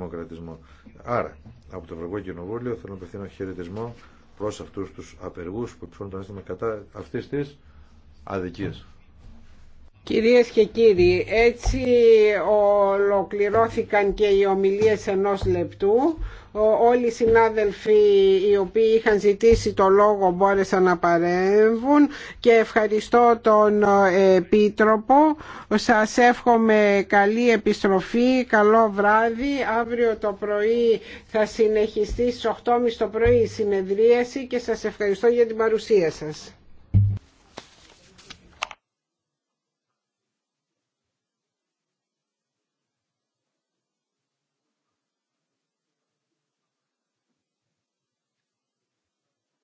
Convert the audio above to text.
δημοκρατισμό. Άρα, από το Ευρωπαϊκό Κοινοβούλιο θέλω να απευθύνω χαιρετισμό προς αυτούς τους απεργού που υψώνουν το αίσθημα κατά αυτής της αδικίας. Κυρίες και κύριοι, έτσι ολοκληρώθηκαν και οι ομιλίες ενός λεπτού. Όλοι οι συνάδελφοι οι οποίοι είχαν ζητήσει το λόγο μπόρεσαν να παρέμβουν και ευχαριστώ τον ε, Επίτροπο. Σας εύχομαι καλή επιστροφή, καλό βράδυ. Αύριο το πρωί θα συνεχιστεί στις 8.30 το πρωί η συνεδρίαση και σας ευχαριστώ για την παρουσία σας.